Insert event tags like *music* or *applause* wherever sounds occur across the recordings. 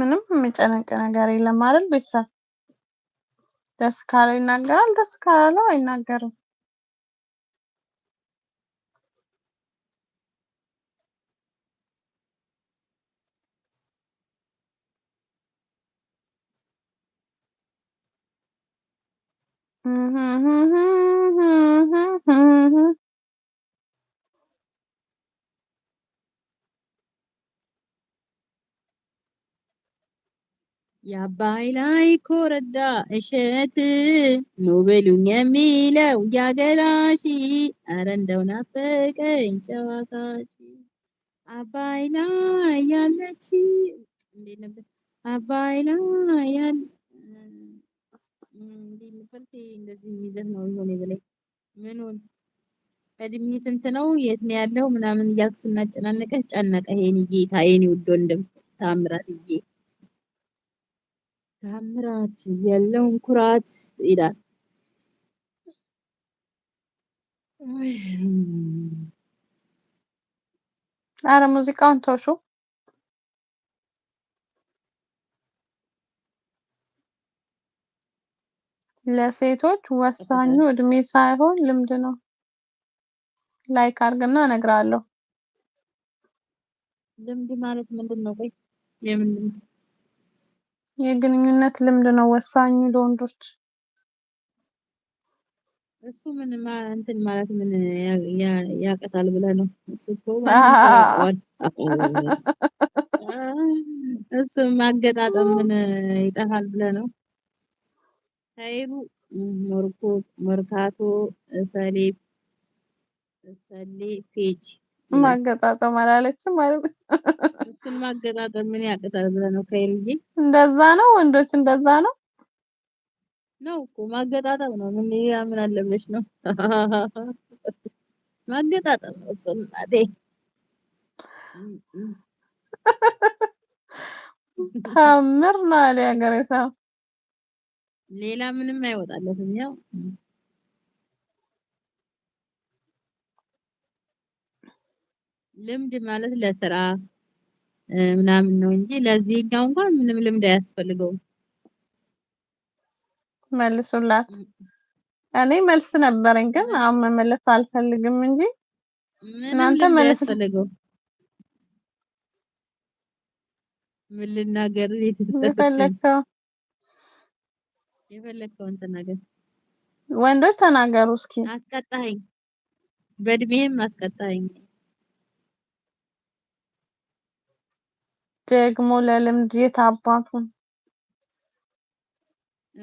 ምንም የሚጨነቅ ነገር የለም አይደል? ቤተሰብ ደስ ካለው ይናገራል፣ ደስ ካለው አይናገርም። የአባይ ላይ ኮረዳ እሸት ኑ የሚለው ያገላሽ አረ እንደው ናፈቀኝ ጨዋታሽ አባይ ላይ ያለች እንዴት ነበር? አባይ ላይ ያለ እንደዚህ የሚዘፍ ነው ይሆን ምኑን እድሜ ስንት ነው? የት ነው ያለው? ምናምን ጌታ ታምራት ያለውን ኩራት ይላል። አረ ሙዚቃውን ተውሹ። ለሴቶች ወሳኙ እድሜ ሳይሆን ልምድ ነው። ላይክ አድርግና እነግራለሁ። ልምድ ማለት ምንድን ነው? ቆይ የምን ነው? የግንኙነት ልምድ ነው ወሳኙ ለወንዶች። እሱ ምን እንትን ማለት ምን ያቀታል ብለህ ነው? እሱ እኮ እሱ ማገጣጠም ምን ይጠፋል ብለህ ነው? ኸይሩ መርካቶ ሰሌ ሰሌ ፔጅ ማገጣጠም አላለችም ማለት ነው። እሱን ማገጣጠም ምን ያቅታል ብለህ ነው ከይልዬ? እንደዛ ነው ወንዶች እንደዛ ነው ነው እኮ ማገጣጠም ነው። ምን ምን አለ ብለሽ ነው *laughs* ማገጣጠም ነው። እሱን እናቴ ታምር ነው አለ ያገሬ ሰው። ሌላ ምንም አይወጣለትም ያው ልምድ ማለት ለስራ ምናምን ነው እንጂ ለዚህኛው እንኳን ምንም ልምድ አያስፈልገውም። መልሱላት። እኔ መልስ ነበረኝ ግን አሁን መመለስ አልፈልግም እንጂ እናንተ መልስ ፈልገው ምን ልናገር የተፈለከው የፈለከውን ተናገር። ወንዶች ተናገሩ እስኪ። አስቀጣኝ፣ በእድሜም አስቀጣኝ ደግሞ ለልምድ የት አባቱ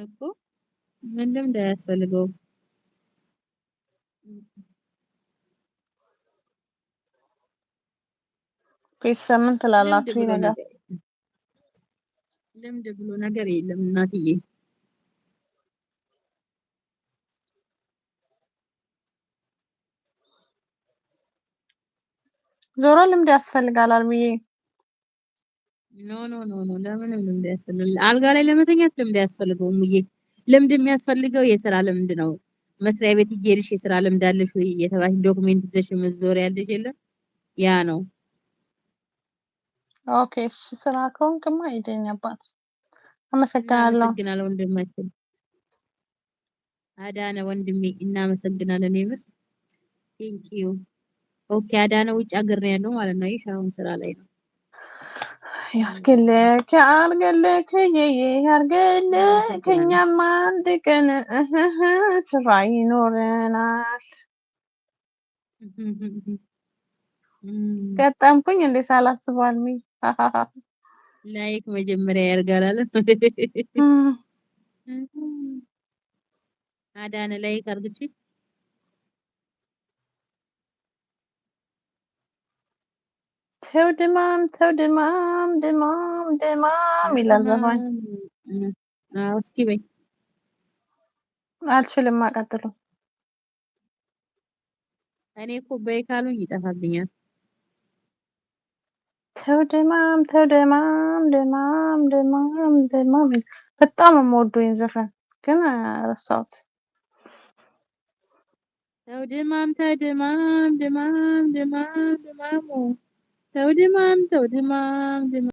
እኮ ምን ልምድ አያስፈልገውም። ቤተሰብ ምን ትላላችሁ? ይነጋል። ልምድ ብሎ ነገር የለም እናትዬ። ዞሮ ልምድ ያስፈልጋል አልምዬ ኖ ኖ ኖ ኖ ለምንም ልምድ ያስፈልግ አልጋ ላይ ለመተኛት ልምድ ያስፈልገው ሙዬ ልምድ የሚያስፈልገው የስራ ልምድ ነው። መስሪያ ቤት እየሄድሽ የስራ ልምድ አለሽ ወይ የተባለሽ ዶክሜንት ይዘሽ መዞር ያለሽ የለም ያ ነው። ኦኬ እሺ፣ ስራ ከሆንክማ ይደኝ አባት። አመሰግናለሁ። አመሰግናለሁ ወንድማችን አዳነ ወንድሜ፣ እናመሰግናለን። የምር ቴንኪዩ። ኦኬ አዳነ ውጭ አገር ነው ያለው ማለት ነው። ይሄ አሁን ስራ ላይ ነው። ያርግልክ ያርግልክ እየዬ ያርግልክ እኛም አንድ ቀን ስራ ይኖረናል። ገጠምኩኝ እንዴ ሳላስበው አልሚኝ ላይክ መጀመሪያ ያርጋላል። አዳነ ላይክ አርግቼ ተው ድማም ተው ድማም ድማም ድማም ይላል ዘፋኝ። እስኪ በይ አልችልም። አቀጥሉ። እኔ እኮ በይ ካሉኝ ይጠፋብኛል። ተው ድማም ተው ድማም ድማም ድማም ድማም በጣም የምወደው ዘፈን ግን ረሳሁት። ተው ድማም ተው ድማም ድማም ድማም ድማሙ Dodemom, Dodemom, Demom.